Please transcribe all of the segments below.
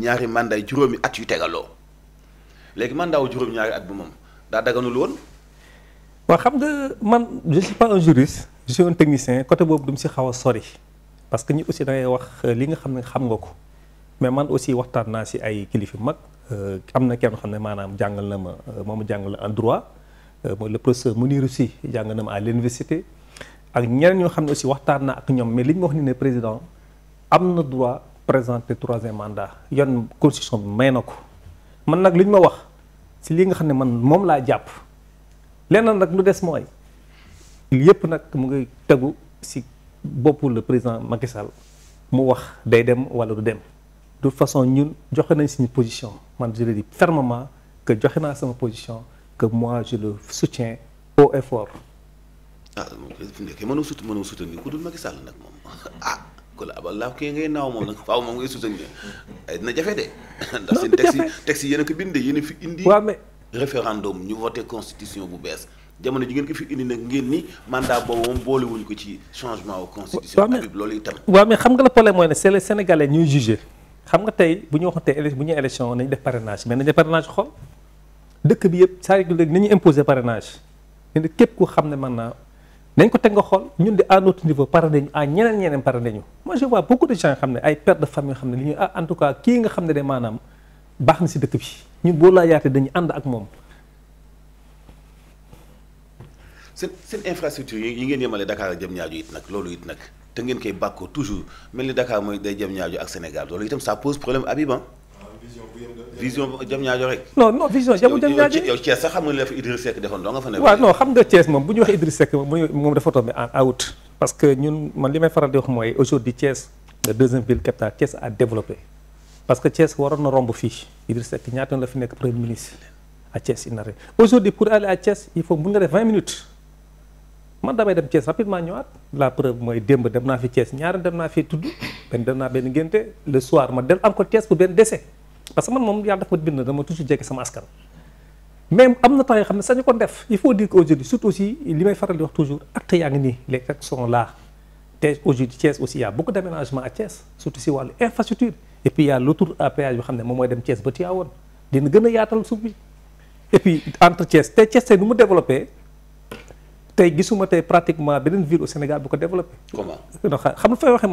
ñaari mandat yi juróomi at yu tegaloo léegi mandat wu ñaari at bi moom daa daganul woon. waaw xam nga man je suis pas un technicien côté boobu du mu si xaw a sori parce que ñu aussi dangay wax euh, li nga xam ne xam nga ko mais man aussi waxtaan naa si ay kilifa mag euh, am na kenn xam ne maanaam jàngal na ma euh, moom jàngal en droit mooy le professeur Mounir Sy jàngal na ma à ak ñeneen ñoo xam ne aussi waxtaan naa ak ñoom mais li ñu wax ni ne président am na droit. présenter troisième mandat yoon constitution bi may na ko man nag li ñu ma wax si li nga xam ne man moom laa jàpp leneen nag lu des mooy yépp nag mu ngi tegu si boppu le président Macky mu wax day dem wala du dem de toute façon ñun joxe nañ suñu position man je le fermement que joxe naa sama position que moi je le soutiens haut et fort. ah fi mu nekkee sut mënoo soutenir ku dul Macky nag moom ah. ku la abal laa kii ngay naaw moom nag faaw moom ngay soutenir ay dina jafe de. ndax seen texte yi texte ko bindee yéen a fi indi. waaw mais référendum ñu voté constitution bu bees. jamono ji ko fi indi nag ngeen ni mandat boobu moom boolewuñ ko ci changement wu constitution Habib loolu itam waaw mais xam nga le problème mooy ne c'est ñuy jugé xam nga tey bu ñu waxantee éle bu ñuy élection nañ def parrainage mais nañ def parrainage xool dëkk bi yëpp saa yu léegi nañu imposer parrainage ne képp nañ ko teg nga xool ñun de à notre niveau pare nañu à ñeneen ñeneen pare nañu moi je vois beaucoup de gens xam ne ay pères de famille xam ne li ñuy ah en tout cas kii nga xam ne de maanaam baax na si dëkk bi ñun boo laa yaatee dañuy ànd ak moom. seen seen infrastructure yi ngeen yemale Dakar ak Diamniadio it nag loolu it nag te ngeen koy bàkkoo toujours mel ni Dakar mooy day Diamniadio ak Sénégal loolu itam ça pose problème Habib vision jam ñaajo rek. non non vision jamu sax xam nga li la fa Idriss nga fa ne. waaw non xam nga Thiès moom bu ñu wax Idriss moom dafa wax mooy aujourd'hui a que Thiès waroon na romb fii Idriss n'a rien aujourd'hui pour aller à Thiès il faut mun nga def 20 minutes. man damay dem Thiès rapidement ñëwaat la preuve mooy démb dem naa fi Thiès ñaari dem naa fi tudd benn dem naa benn ngénte le soir ma del am ko Thiès pour benn décès parce que man moom yàlla daf ma bind dama toujours jege sama askan mais am na temps yoo xam ne sañu ko def il faut dire que aujourd'hui surtout aussi li may faral di wax toujours actes yaa ngi nii les actes sont là te aussi y a beaucoup d'aménagement à Thiès si wàllu infrastructure et puis y a l'autoroute à péage yoo xam ne moom mooy dem Thiès ba Tivaouane dina gën a yaatal suuf bi et puis entre Thiès te Thiès tey nu mu développé tey gisuma tey pratiquement beneen ville au Sénégal bu ko développé. comment xam nga fay waxee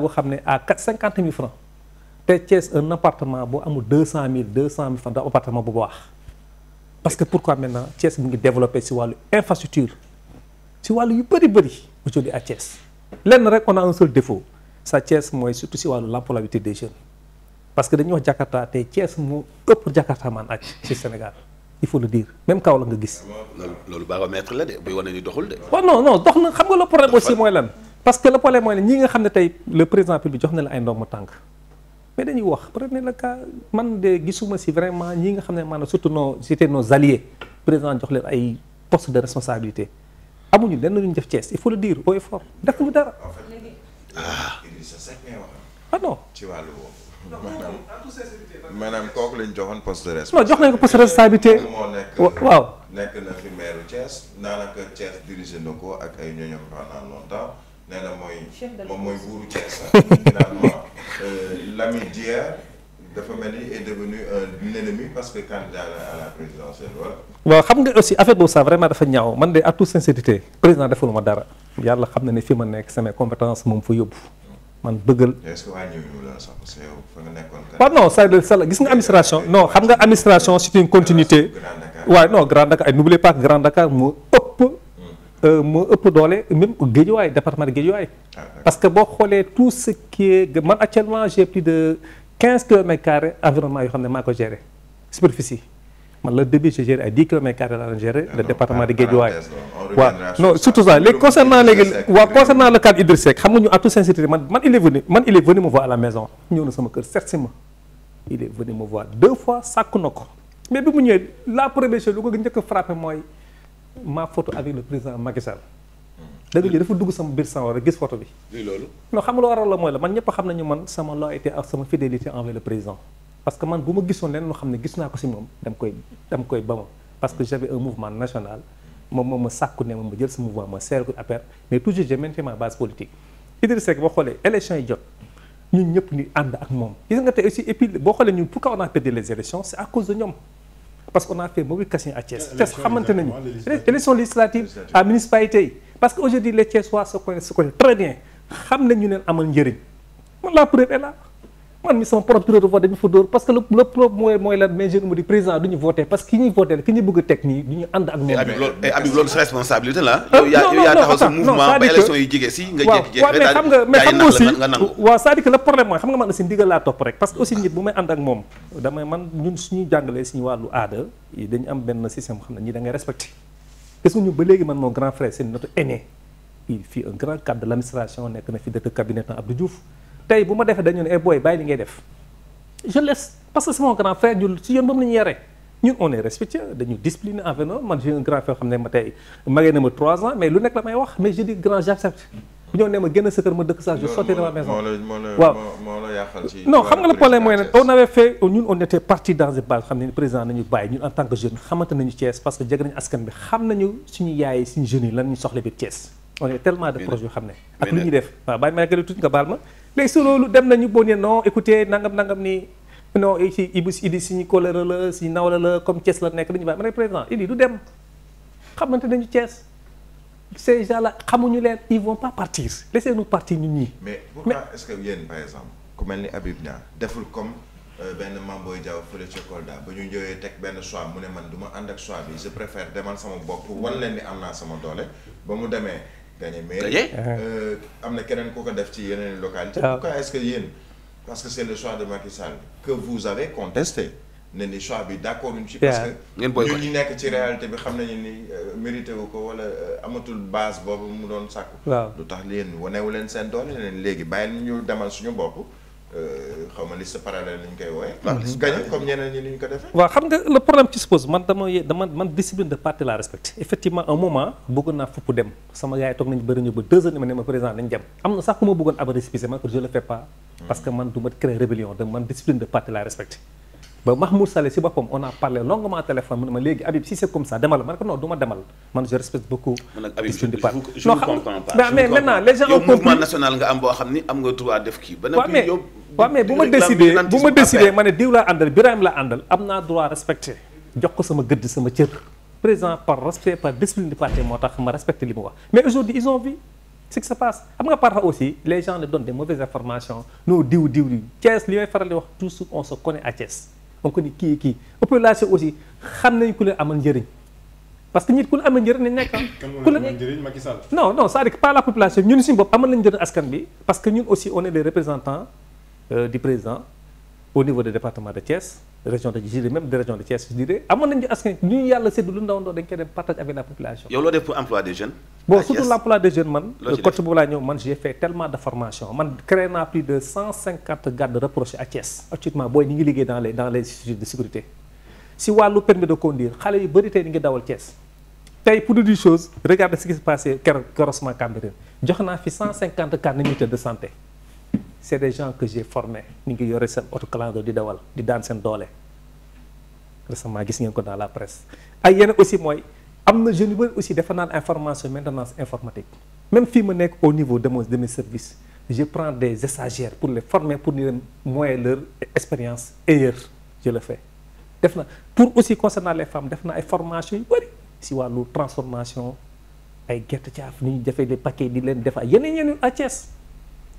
boo xam ne à quatre cinquante te Thiès un appartement boo amul deux cent mille deux cent mille francs appartement bu baax parce que pourquoi maintenant Thiès ngi développé si wàllu infrastructure si wàllu yu bëri bëri aujourd'hui à Thiès lenn rek on a un seul défaut sa Thiès mooy surtout si wàllu l'employabilité des jeunes parce que dañuy wax Jakarta te Thiès moo ëpp Jakarta man ak si Sénégal il faut le dire même kaw la nga gis. loolu loolu baromètre la de buy wane ni doxul de. waaw non non dox na xam nga le problème aussi mooy lan. parce que ne tey le président public jox na la ay ndomb tànk. mais dañuy wax prenez le cas man de gisuma si vraiment ñi nga xam ne maanaam surtout nos c'était nos alliés président jox leen ay postes de responsabilité amuñu lenn lu ñu def Thiès il faut le dire haut et fort def ñu dara. ah. ah ci wàllu boobu. maanaam kooku lañ joxoon poste de responsabilité. non jox nañ ko poste de responsabilité. waaw. nekk na fi maire Thiès naanaka Thiès dirigé na ko ak ay ñoñom pendant longtemps nee mooy. moom mooy buuru Thiès finalement. Lamine Dière dafa parce que candidat waaw xam nga aussi affaire boobu sax vraiment dafa ñaaw man de à toute sincérité président deful ma dara yàlla xam na ne fi ma nekk sama compétence moom fa yóbbu man bëggal. est-ce que waa ñëw la gis nga administration non xam nga administration c'est continuité. waaw non Grand Dakar ay n'oubliez Grand Dakar moo Euh, moo ëpp doole même Guédiawaye département de Guédiawaye ah, parce que boo xoolee tout ce qui est man actuellement j'ai plus de quinze kilomètres carrés environnement yoo xam ne maa ko géré superficie man le début j'ai géré ay dix kilomètres carrés laa doon géré le ah, département de Guédiawaye waaw non surtout ça léegi concernant léegi waaw concernant le cadre Idriss xam nga ñu à toute sincérité man il est venu man il est venu me voir à la maison ñëw na sama kër seetsi ma fois sàkk na ko mais bi mu ñëwee la première chose lu ko a mooy ma photo avec le président Macky Sall. dëgg dafa dugg sama biir sama rek gis photo bi. lii loolu. non xam nga lu waral mooy la man ñëpp xam nañu man sama loyauté ak sama fidélité envers le président. parce que man bu ma gisoon leneen loo xam ne gis naa ko si moom dam koy dam koy ba ma parce que j'avais un mouvement national moom moom ma sàkku ne moom ma jël sa mouvement ma seer ko affaire mais toujours j'ai maintenu ma base politique. Idriss boo xoolee élection yi jot ñëpp ñu ànd ak moom gis nga tey aussi parce qu'on a fait mauvais casting à Thiès euh, Thiès xamante nañu élection législative à municipalité yi parce que aujourd'hui les Thiessois se connaissent se connaissent très bien xam nañ ñu leen amal njëriñ man la preuve est là man mi sama problème mooy mooy la mais mu di président du ñu voté parce que ki ñuy voté ki ñu bëgg a teg nii du ñu ànd ak moom. et eh, Habib loolu nga jékki waaw c'est-à-dire problème mooy xam nga man aussi ndigal laa topp rek. parce que aussi nit bu may ànd ak moom damay man ñun suñuy jàngalee suñu wàllu aada dañu am benn système xam ne ñii da ngay respecté gis nga ñu ba léegi man mon grand frère c'est notre aîné fii un grand cadre de l'administration nekk na fi dëkk cabinet Abdou Diouf tey bu ma defee dañu ne eh booy bàyyi li ngay def je laisse parce que c'est mon grand frère ñun si yoon moom la ñu yaree ñun on est respectueux dañu discipliné envers man j'ai un grand frère na ma trois ans mais lu nekk la may wax mais je dis grand j'accepte bu ne nga xamante nañu Thiès parce que nañu askan bi xam nañu suñu yaay suñu jeunes yi lan ñu soxla biir Thiès on est de projets yoo xam ne ak lu ñuy def waaw bàyyi ma nekk tuuti nga baal ma léegi si loolu dem nañu boo ne non écoutez nangam nangam ni nii non ci Ibou Idi suñu colère la suñu nawla la comme Thiès la nekk dañu bàyyi ma ne président Idi du dem xamante nañu Thiès ces gens là xamuñu leen ils vont pas partir laissez nous partir ñun ñii. mais pourquoi mais... est-ce que yéen par exemple ku mel ni Habib Niang deful comme. Euh, benn Mamboy Diaw fële ca Kolda ba ñu ñëwee teg benn choix mu ne man du ma ànd ak choix bi je préfère demal sama bopp wan leen ni am naa sama doole ba mu demee gagné mairie euh, ah. am na keneen ku ko def ci yeneen localité pourquoi ah. est-ce que yéen parce que c'est le choix de Macky Sall que vous avez contesté ne ni choix bi d'accord ñu ci parce que ñun ñu nekk ci réalité bi xam nañu ni euh, mérité wu ko wala euh, amatul base boobu mu doon sàkku lu tax leen wanewu leen seen doole leen léegi bàyyi ñu demal suñu bopp Euh, xaw ma liste parallèle ni ñu koy wooyee. waaw liste gañe comme ñeneen ñi ni ñu ko defee. waaw xam nga le problème qui se pose man dama dama man discipline de parti la respecte effectivement un moment bëggoon naa fupp dem sama gars toog nañu bëri ñu ba deux ni ma ne ma président dañ dem am na sax ku ma bëggoon ab récépissé ma je le fais pas. Hmm. parce que man du ma créer rébellion discipline de parti la respecte ba Mahmoud Saleh si boppam on a parlé longuement téléphone mu ne ma léegi Habib si c'est comme ça demal ma ne ko non ma demal man je respecte boo ma décidé bu ma décidé ma ne diw laa àndal Birahim laa àndal am naa droit ko sama gëdd sama cër. président par respect moo tax ma respecté li mu wax mais aujourd'hui ils ont vu ce xam nga parfois aussi les gens ne donnent des mauvaises informations non li may faral wax toujours on se connaît à Thiès. on ko ni kii kii population aussi xam nañ ku leen amal njëriñ parce que nit ku la amal njëriñ nañ nekk ku la Macky Sall non non c'est-à-dire que pas ñun suñu bopp amal nañ njëriñ askan bi parce que ñun aussi on est des représentants euh, du président au niveau des départements de Thiès région de Jidé même de région de Thiès je dirais amoon ñu yàlla séddu lu ndaw ndaw dañ koy dem partage avec la population. yow loo def pour emploi des jeunes. bon surtout emploi des jeunes man. côté boobu laa ñëw man j'ai fait tellement de formation man créé naa plus de 150 gardes rapprochés à Thiès. actuellement booy ñu ngi liggéey dans les dans les sécurité si wàllu permis de conduire xale yu bëri tey ñu ngi dawal Thiès. tey pour dire chose regardez ce qui se c'est des gens que j'ai formés ñu ngi yore seen autoclando di dawal di daan seen doole récemment gis ngeen ko dans la presse ay yeneen aussi mooy am na jeune yu bëri aussi dafa naan information maintenance informatique même fii ma nekk au niveau de mon de mes je prends des stagiaires pour les former pour ñu leen moyen leur expérience ailleurs je le fait def na pour aussi concernant les femmes def na ay formation yu bëri si wàllu transformation ay gerte caaf ni ñu defee les paquets di leen def ay yeneen yeneen à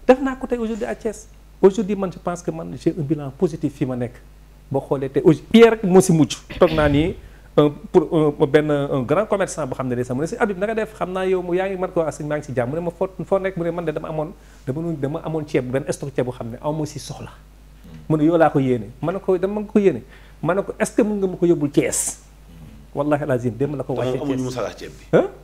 def naa ko tey aujourd'hui à Thiès aujourd'hui man je que man j'ai un bilan positif fi ma nekk boo xoolee te aujourd'hui Pierre rek moo si mujj toog naa nii pour benn un grand commerçant boo xam ne de sax mu ne xam naa yow yaa ngi mar ko as maa ngi si jàmm ma foo nekk mu ne man de dama amoon dama doon dama amoon ceeb benn stock ceeb boo xam ne aw ma si soxla mu ne yow laa ko yéene ma ne ko dama nga ko yéene ma ne ko est-ce que mën nga ma ko yóbbul Thiès wallahi lazim dem la ko wàcce Thiès amuñu mu salax ceeb bi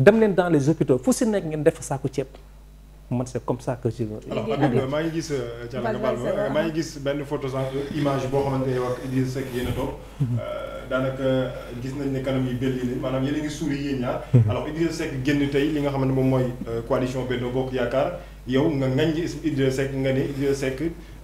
dem leen dans les hôpitaux fu si nekk ngeen def fa saako ceeb man c'est comme ça que alors Habib maa ngi gis euh, Thiala nga maa ngi gis benn photo sànq image boo xamante ne yow ak Idrissa Seck yéen a mhm. euh, daanaka gis nañ ne kanam yi belli nañ maanaam yéen a ngi suuri yéen ñaar. Mhm. alors tey li nga xam ne moom mooy euh, coalition Benno Bokk Yaakaar yow nga ngañ ci Idrissa nga ne Idrissa Seck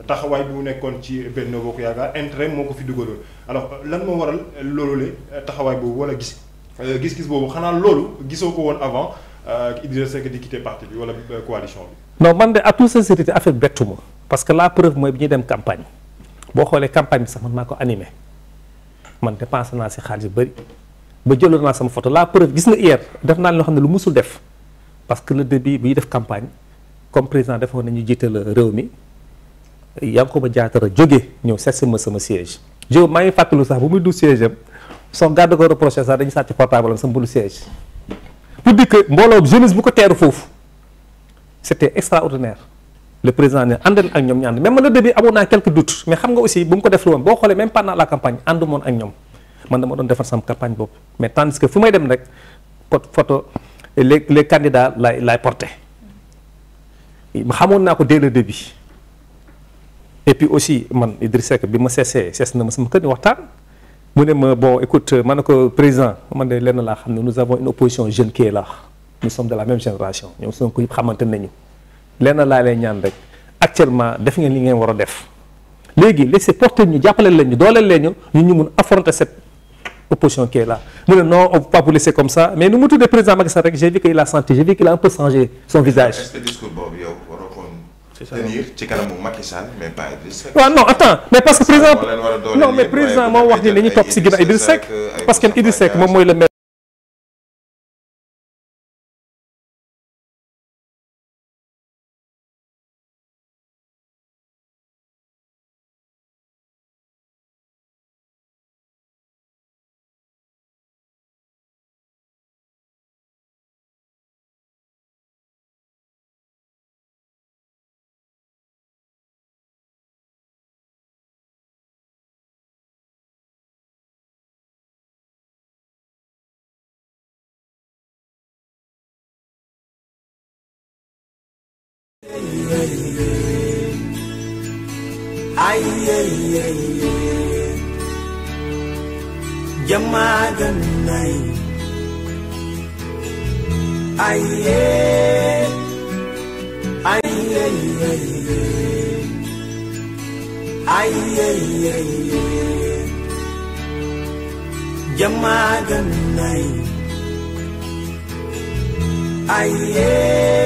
taxawaay bu nekkoon ci Benno Bokk Yaakaar intérêt moo ko fi dugaloon alors lan moo waral loolu le taxawaay boobu wala gis. Euh, gis-gis boobu xanaa loolu gisoo ko woon avant euh, Idrissa Seck di quitter parti bi wala euh, coalition bi. non man de à toute sincérité affaire bettu ma parce que la preuve mooy bi ñuy dem campagne boo xoolee campagne bi sax man maa ko animé man dépensé naa si xaalis bëri ba jël naa sama photo la preuve gis nga hier def naa loo xam ne lu musul def parce que le début bi def campagne comme président defoon nañu jiital réew mi yaa ngi ko ma jaatara jóge ñëw seet ma sama siège. jo maa ngi fàttalu bu du siège son garde ko reproché sax dañu sàcc portable am sa mbulu siège pour dire mbooloo jeunesse bu ko teeru foofu c' était extraordinaire le président ne àndal ak ñoom ñu ànd même le début amoon naa quelques doutes mais xam aussi bu mu ko def lu woon boo xoolee même pendant la campagne àndu ak ñoom man dama doon defar sama campagne boobu mais tandis que fu may dem rek pot photo les les candidats lay lay porté xamoon naa ko dès le début et aussi man Idrissa Seck bi ma seesee sees na ma sama kër ni waxtaan mu ne ma bon écoute euh, man ne euh, ko président man de lenn laa xam ne nous avons une opposition jeune qui est là nous sommes de la même génération ñoom Sonko yëpp xamante nañu lenn laa lay ñaan rek actuellement def ngeen li ngeen war a def léegi laissez porter ñu jàppale leen ñu dooleel leen ñu ñu mun affronter cette opposition qui est là mu ne non on peut pas vous laisser comme ça mais nu mu tuddee président Macky rek j'ai vu qu'il a senti j'ai vu qu'il a un peu changé son visage. Est-ce tenir ci kanamu Macky Sall mais pas Idriss Seck. waaw que président non mais président moo wax ni dañuy topp si ginnaaw Idriss Seck parce que Idriss Seck mooy le jamagan nay aye aye aye aye aye jamagan nay aye